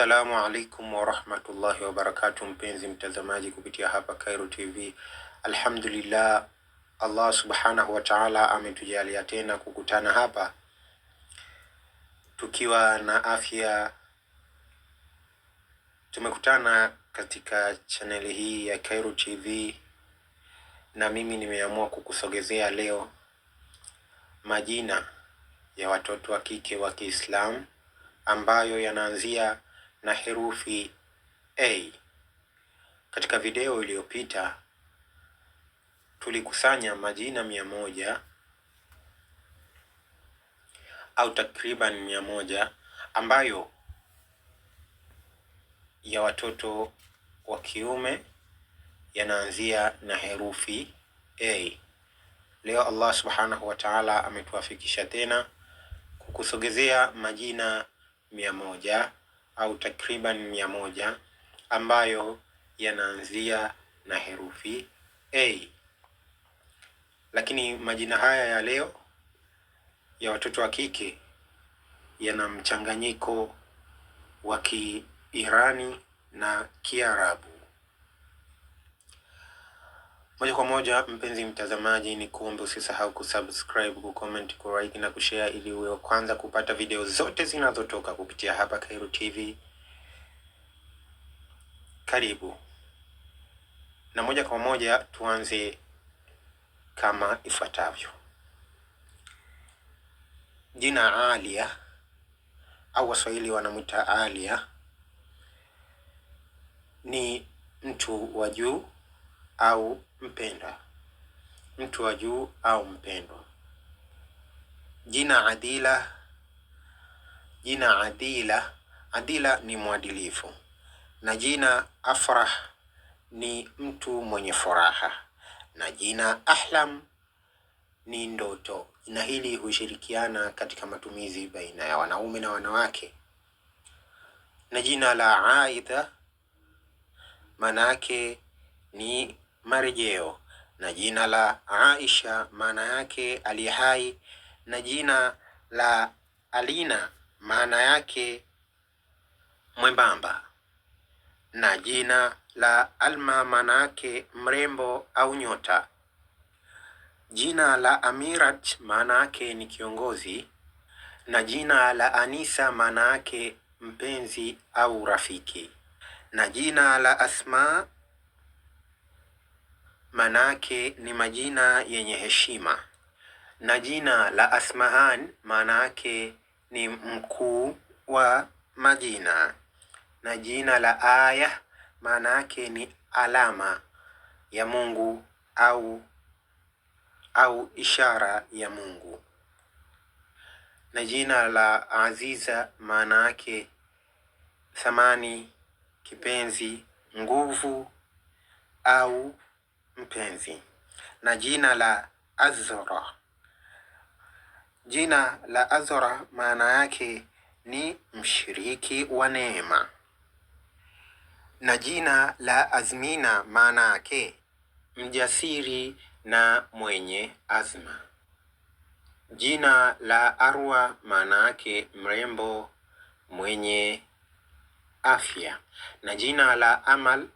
Assalamu alaikum warahmatullahi wabarakatu, mpenzi mtazamaji kupitia hapa Khairo TV. Alhamdulillah, Allah subhanahu wa ta'ala ametujalia tena kukutana hapa tukiwa na afya. Tumekutana katika chaneli hii ya Khairo TV na mimi nimeamua kukusogezea leo majina ya watoto wa kike wa Kiislamu ambayo yanaanzia na herufi A. Katika video iliyopita tulikusanya majina mia moja au takriban mia moja ambayo ya watoto wa kiume yanaanzia na herufi A. Leo Allah subhanahu wa ta'ala ametuafikisha tena kukusogezea majina mia moja au takriban mia moja ambayo yanaanzia na herufi A. Lakini majina haya ya leo ya watoto wa kike yana mchanganyiko wa Kiirani na Kiarabu. Moja kwa moja, mpenzi mtazamaji, ni kuombe usisahau kusubscribe, kucomment, kulike na kushare ili uwe wa kwanza kupata video zote zinazotoka kupitia hapa Khairo TV. Karibu na moja kwa moja tuanze kama ifuatavyo. Jina Alia au Waswahili wanamwita Alia ni mtu wa juu au mpendwa, mtu wa juu au mpendwa. Jina adila, jina adila, adila ni mwadilifu, na jina afrah ni mtu mwenye furaha, na jina ahlam ni ndoto, na hili hushirikiana katika matumizi baina ya wanaume na wanawake. Na jina la aidha maana yake ni marejeo na jina la Aisha maana yake aliye hai na jina la Alina maana yake mwembamba na jina la Alma maana yake mrembo au nyota. Jina la Amirat maana yake ni kiongozi na jina la Anisa maana yake mpenzi au rafiki na jina la Asma maanake ni majina yenye heshima, na jina la Asmahan maanake ni mkuu wa majina, na jina la Aya maanake ni alama ya Mungu au au ishara ya Mungu, na jina la Aziza maana yake thamani, kipenzi, nguvu au mpenzi, na jina la Azra. Jina la Azra maana yake ni mshiriki wa neema, na jina la Azmina maana yake mjasiri na mwenye azma. Jina la Arwa maana yake mrembo mwenye afya, na jina la Amal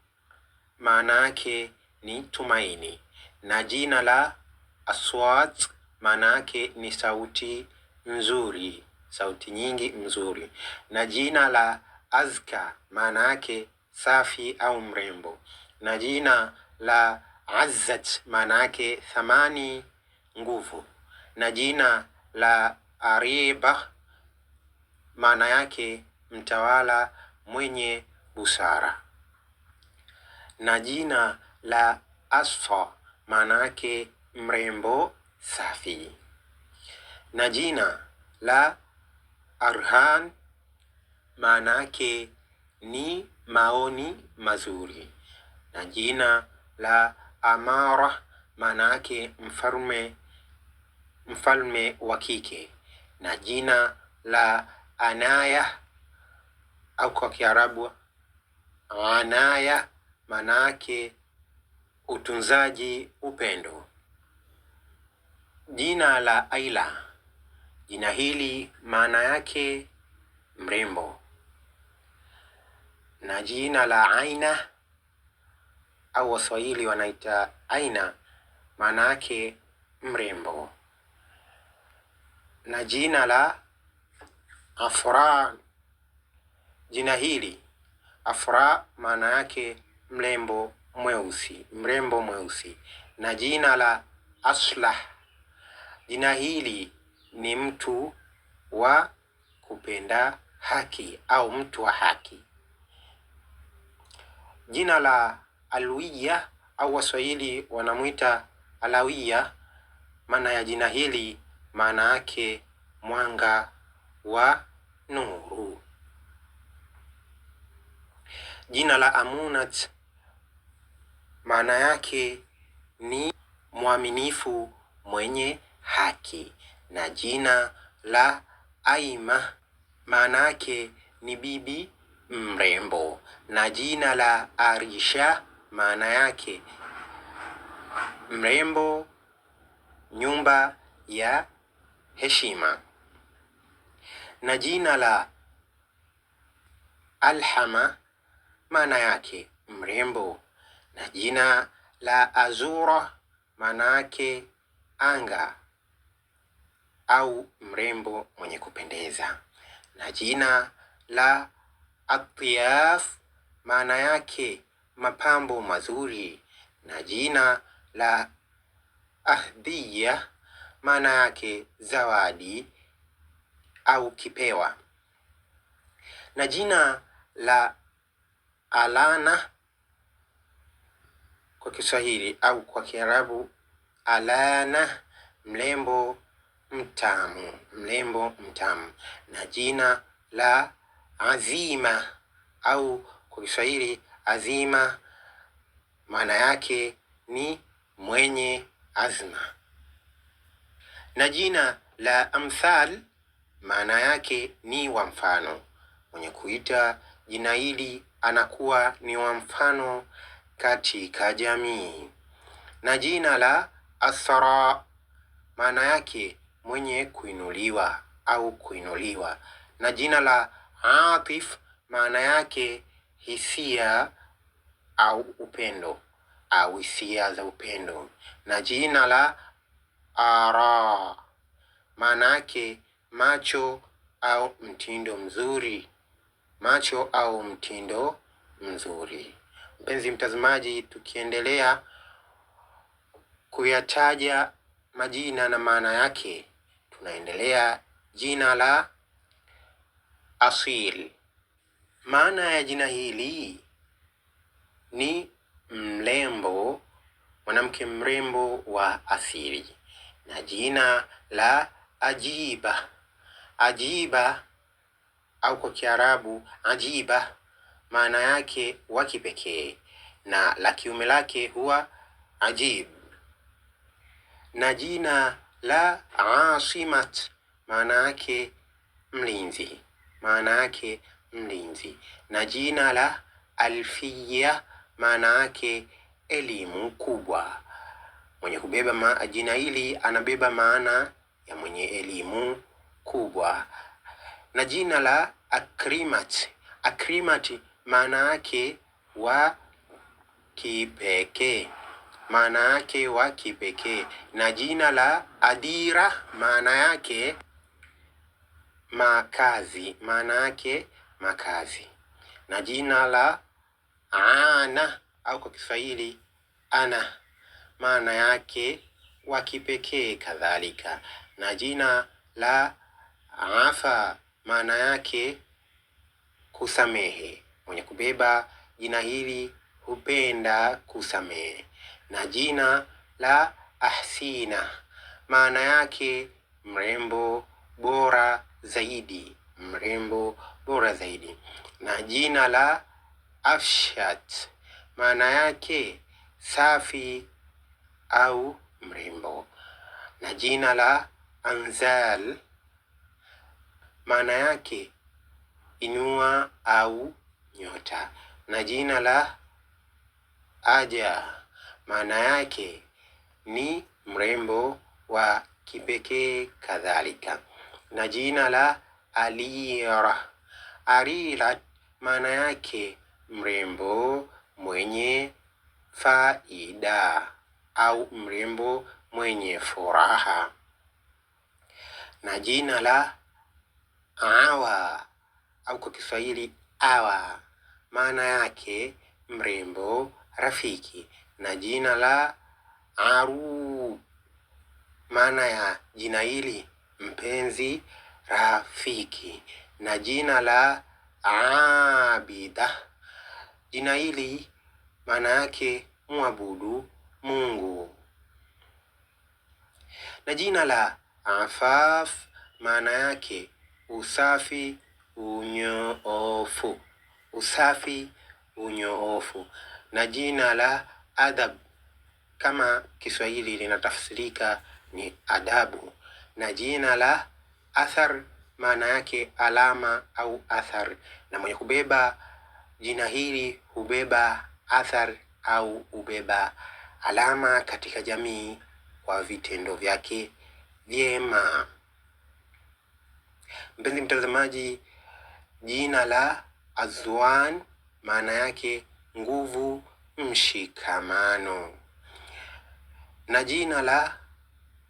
maana yake ni tumaini, na jina la aswat maanake ni sauti nzuri, sauti nyingi nzuri, na jina la azka maanake safi au mrembo, na jina la azzat maanake thamani, nguvu, na jina la ariba maana yake mtawala mwenye busara, na jina la asfa maana yake mrembo safi, na jina la Arhan maana yake ni maoni mazuri, na jina la Amara maana yake mfalme, mfalme wa kike, na jina la Anaya au kwa Kiarabu Anaya maana yake Utunzaji upendo. Jina la aila Jina hili maana yake mrembo, na jina la Aina au Waswahili wanaita Aina, maana yake mrembo, na jina la Afra. Jina hili Afra maana yake mrembo mweusi, mrembo mweusi, na jina la Aslah. Jina hili ni mtu wa kupenda haki au mtu wa haki. Jina la Alwiya au Waswahili wanamwita Alawiya. Maana ya jina hili, maana yake mwanga wa nuru. Jina la Amunat maana yake ni mwaminifu mwenye haki. Na jina la Aima maana yake ni bibi mrembo, na jina la Arisha maana yake mrembo, nyumba ya heshima, na jina la Alhama maana yake mrembo, na jina la Azura maana yake anga au mrembo mwenye kupendeza, na jina la Atyaf maana yake mapambo mazuri, na jina la Ahdiya maana yake zawadi au kipewa, na jina la Alana kwa Kiswahili au kwa Kiarabu alana, mrembo mtamu, mrembo mtamu, na jina la azima au kwa Kiswahili azima, maana yake ni mwenye azma, na jina la amthal maana yake ni wa mfano. Mwenye kuita jina hili anakuwa ni wa mfano katika jamii, na jina la asra maana yake mwenye kuinuliwa au kuinuliwa, na jina la Atif maana yake hisia au upendo au hisia za upendo, na jina la Ara maana yake macho au mtindo mzuri, macho au mtindo mzuri. Mpenzi mtazamaji, tukiendelea kuyataja majina na maana yake, tunaendelea jina la Asil. Maana ya jina hili ni mrembo, mwanamke mrembo wa asili. Na jina la Ajiba, Ajiba au kwa Kiarabu ajiba maana yake wa kipekee na la kiume lake huwa ajib, na jina la Asimat maana yake mlinzi, maana yake mlinzi, na jina la Alfiya maana yake elimu kubwa. Mwenye kubeba ma jina hili anabeba maana ya mwenye elimu kubwa, na jina la Akrimat, Akrimat maana yake wa kipekee, maana yake wa kipekee. Na jina la Adira maana yake makazi, maana yake makazi. Na jina la Ana au kwa Kiswahili ana, maana yake wa kipekee kadhalika. Na jina la Afa maana yake kusamehe Mwenye kubeba jina hili hupenda kusamehe, na jina la Ahsina maana yake mrembo bora zaidi, mrembo bora zaidi. Na jina la Afshat maana yake safi au mrembo, na jina la Anzal maana yake inua au nyota, na jina la Aja maana yake ni mrembo wa kipekee kadhalika, na jina la Alira Arira maana yake mrembo mwenye faida au mrembo mwenye furaha, na jina la Awa au kwa Kiswahili awa maana yake mrembo, rafiki, na jina la Aru, maana ya jina hili mpenzi, rafiki, na jina la Abida, jina hili maana yake mwabudu Mungu, na jina la Afaf maana yake usafi, unyoofu usafi, unyoofu na jina la adab kama Kiswahili linatafsirika ni adabu, na jina la athar maana yake alama au athar, na mwenye kubeba jina hili hubeba athar au hubeba alama katika jamii kwa vitendo vyake vyema. Mpenzi mtazamaji, jina la Azwan maana yake nguvu, mshikamano. Na jina la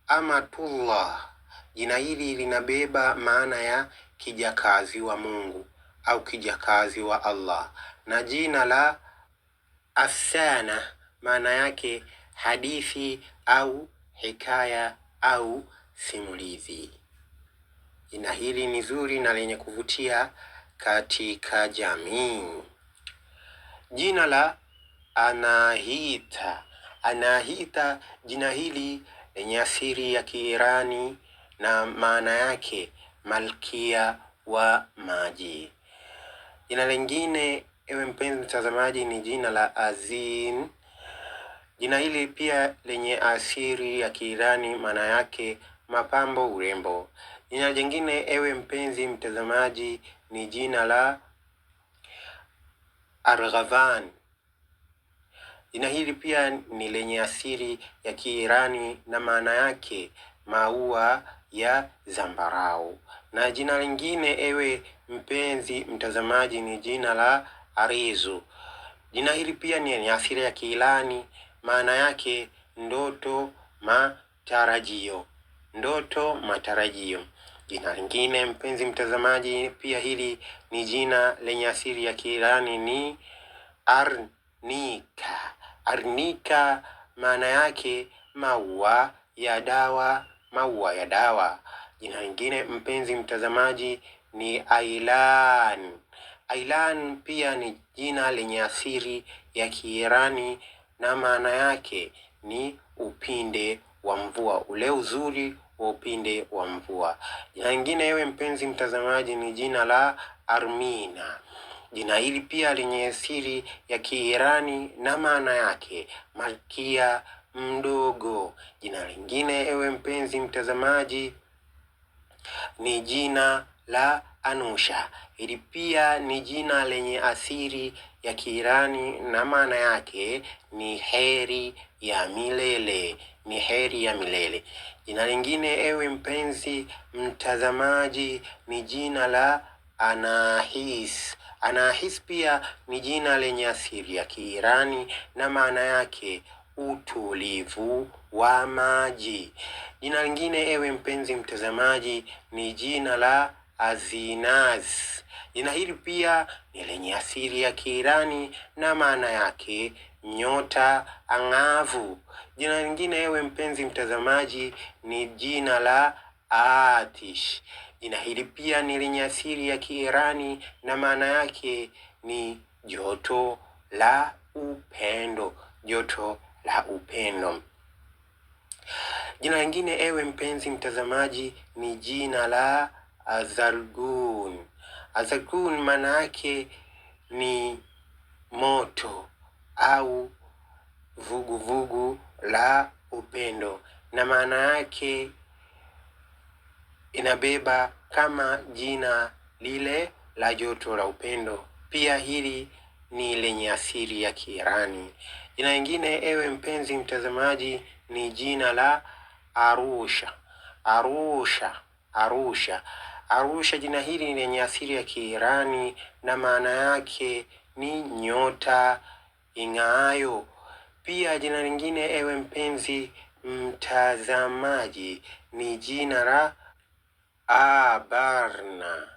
Amatullah, jina hili linabeba maana ya kijakazi wa Mungu au kijakazi wa Allah, na jina la Afsana maana yake hadithi au hikaya au simulizi. Jina hili ni zuri na lenye kuvutia katika jamii. Jina la Anahita. Anahita, jina hili lenye asili ya Kiirani na maana yake malkia wa maji. Jina lingine, ewe mpenzi mtazamaji, ni jina la Azin. Jina hili pia lenye asili ya Kiirani, maana yake mapambo, urembo. Jina jingine, ewe mpenzi mtazamaji, ni jina la Arghavan. Jina hili pia ni lenye asili ya Kiirani na maana yake maua ya zambarau. Na jina lingine, ewe mpenzi mtazamaji, ni jina la Arizu. Jina hili pia ni lenye asili ya Kiirani, maana yake ndoto matarajio, ndoto matarajio. Jina lingine mpenzi mtazamaji, pia hili ni jina lenye asili ya Kiirani ni arnika. Arnika maana yake maua ya dawa, maua ya dawa. Jina lingine mpenzi mtazamaji ni ailan. Ailan pia ni jina lenye asili ya Kiirani na maana yake ni upinde wa mvua, ule uzuri wa upinde wa mvua. Jina lingine, ewe mpenzi mtazamaji, ni jina la Armina. Jina hili pia lenye asili ya Kiirani na maana yake malkia mdogo. Jina lingine, ewe mpenzi mtazamaji, ni jina la Anusha. Hili pia ni jina lenye asili ya Kiirani na maana yake ni heri ya milele, ni heri ya milele. Jina lingine ewe mpenzi mtazamaji ni jina la Anahis. Anahis pia ni jina lenye asili ya Kiirani na maana yake utulivu wa maji. Jina lingine ewe mpenzi mtazamaji ni jina la Azinaz. Jina hili pia ni lenye asili ya Kiirani na maana yake nyota ang'avu. Jina lingine ewe mpenzi mtazamaji ni jina la Atish. Jina hili pia ni lenye asili ya Kiirani na maana yake ni joto la upendo, joto la upendo. Jina lingine ewe mpenzi mtazamaji ni jina la Azargun. Azargun maana yake ni moto au vuguvugu vugu la upendo, na maana yake inabeba kama jina lile la joto la upendo. Pia hili ni lenye asili ya Kiirani. Jina lingine, ewe mpenzi mtazamaji, ni jina la Arusha. Arusha, Arusha, Arusha. Jina hili ni lenye asili ya Kiirani na maana yake ni nyota ing'aayo pia jina lingine, ewe mpenzi mtazamaji, ni jina la Abarna.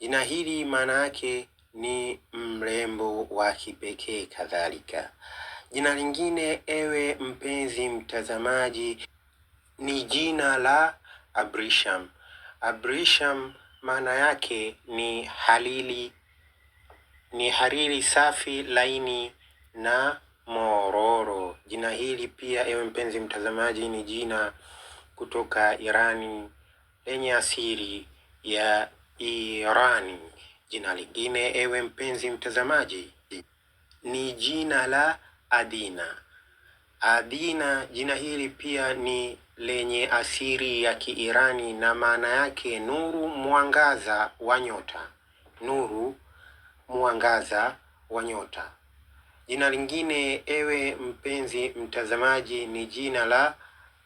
Jina hili maana yake ni mrembo wa kipekee. Kadhalika jina lingine, ewe mpenzi mtazamaji, ni jina la Abrisham. Abrisham maana yake ni halili, ni hariri safi, laini na Mororo. Jina hili pia, ewe mpenzi mtazamaji, ni jina kutoka Irani lenye asili ya Irani. Jina lingine, ewe mpenzi mtazamaji, ni jina la Adina. Adina, jina hili pia ni lenye asili ya Kiirani na maana yake nuru, mwangaza wa nyota. Nuru, mwangaza wa nyota. Jina lingine ewe mpenzi mtazamaji ni jina la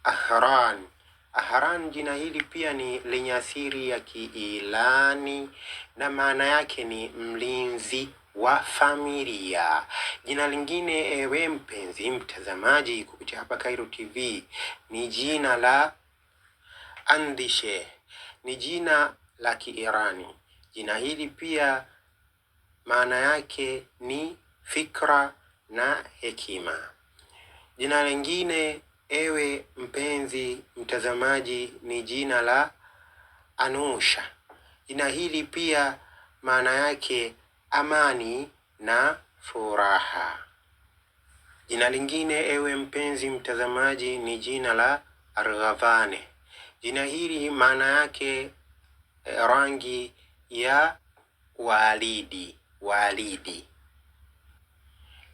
Ahran. Ahran, jina hili pia ni lenye asili ya kiilani na maana yake ni mlinzi wa familia. Jina lingine ewe mpenzi mtazamaji, kupitia hapa Khairo TV ni jina la Andishe, ni jina la Kiirani. Jina hili pia maana yake ni fikra na hekima. Jina lingine, ewe mpenzi mtazamaji, ni jina la Anusha. Jina hili pia maana yake amani na furaha. Jina lingine, ewe mpenzi mtazamaji, ni jina la Arghavane. Jina hili maana yake eh, rangi ya walidi, walidi.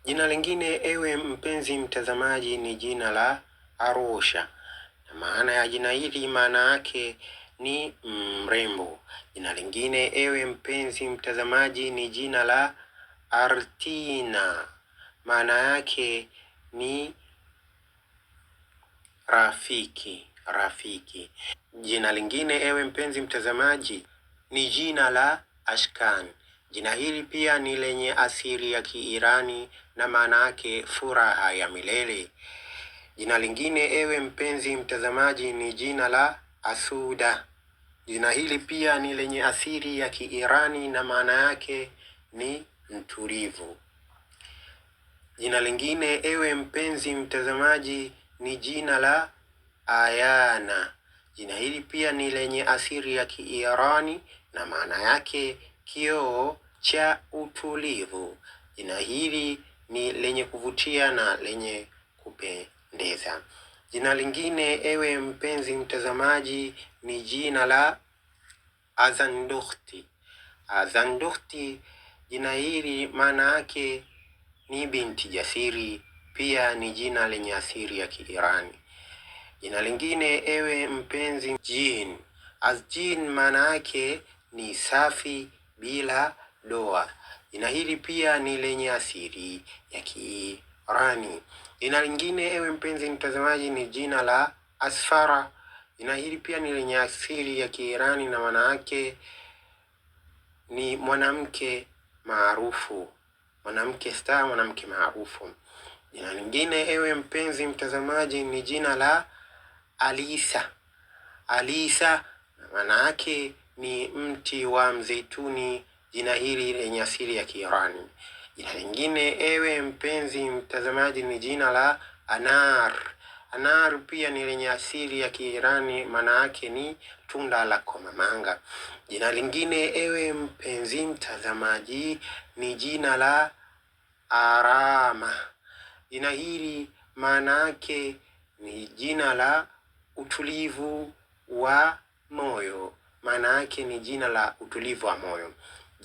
Jina lingine ewe mpenzi mtazamaji ni jina la Arusha, na maana ya jina hili maana yake ni mrembo. Jina lingine ewe mpenzi mtazamaji ni jina la Artina, maana yake ni rafiki, rafiki. Jina lingine ewe mpenzi mtazamaji ni jina la Ashkan. Jina hili pia ni lenye asili ya Kiirani na maana yake furaha ya milele. Jina lingine, ewe mpenzi mtazamaji, ni jina la Asuda. Jina hili pia ni lenye asili ya Kiirani na maana yake ni mtulivu. Jina lingine, ewe mpenzi mtazamaji, ni jina la Ayana. Jina hili pia ni lenye asili ya Kiirani na maana yake kioo cha utulivu. Jina hili ni lenye kuvutia na lenye kupendeza. Jina lingine, ewe mpenzi mtazamaji, ni jina la Azandukhti. Azandukhti, jina hili maana yake ni binti jasiri, pia ni jina lenye asili ya Kiirani. Jina lingine, ewe mpenzi, jin. Azjin maana yake ni safi bila doa. Jina hili pia ni lenye asili ya Kiirani. Jina lingine, ewe mpenzi mtazamaji, ni jina la Asfara. Jina hili pia ni lenye asili ya Kiirani na maana yake ni mwanamke maarufu, mwanamke star, mwanamke maarufu. Jina lingine, ewe mpenzi mtazamaji, ni jina la Alisa. Alisa maana yake ni mti wa mzeituni jina hili lenye asili ya Kiirani. Jina lingine, ewe mpenzi mtazamaji, ni jina la anar. Anar pia ni lenye asili ya Kiirani, maana yake ni tunda la komamanga. Jina lingine, ewe mpenzi mtazamaji, ni jina la arama. Jina hili maana yake ni jina la utulivu wa moyo, maana yake ni jina la utulivu wa moyo.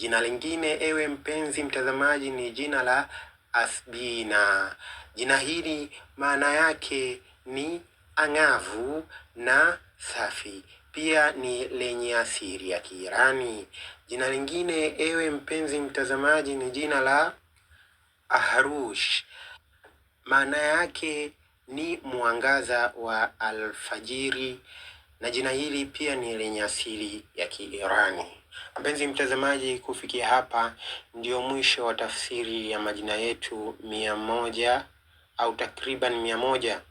Jina lingine ewe mpenzi mtazamaji ni jina la Asbina. Jina hili maana yake ni ang'avu na safi, pia ni lenye asili ya Kiirani. Jina lingine ewe mpenzi mtazamaji ni jina la Ahrush. Maana yake ni mwangaza wa alfajiri, na jina hili pia ni lenye asili ya Kiirani. Mpenzi mtazamaji, kufikia hapa ndio mwisho wa tafsiri ya majina yetu mia moja au takriban mia moja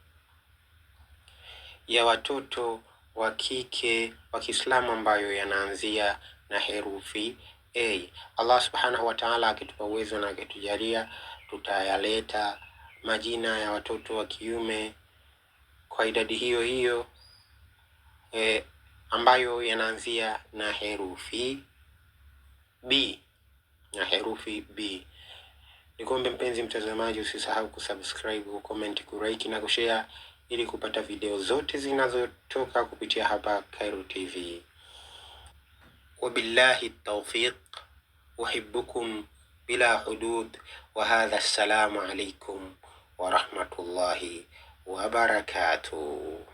ya watoto wa kike wa Kiislamu ambayo yanaanzia na herufi A. Allah subhanahu wa ta'ala akitupa uwezo na akitujalia, tutayaleta majina ya watoto wa kiume kwa idadi hiyo hiyo eh, ambayo yanaanzia na herufi B na herufi B. Nikombe mpenzi mtazamaji, usisahau kusubscribe, kucomment, kulike na kushare ili kupata video zote zinazotoka kupitia hapa Khairo TV. Wabillahi tawfiq, uhibbukum bila hudud, wa hadha, assalamu alaikum wa rahmatullahi wa barakatuh.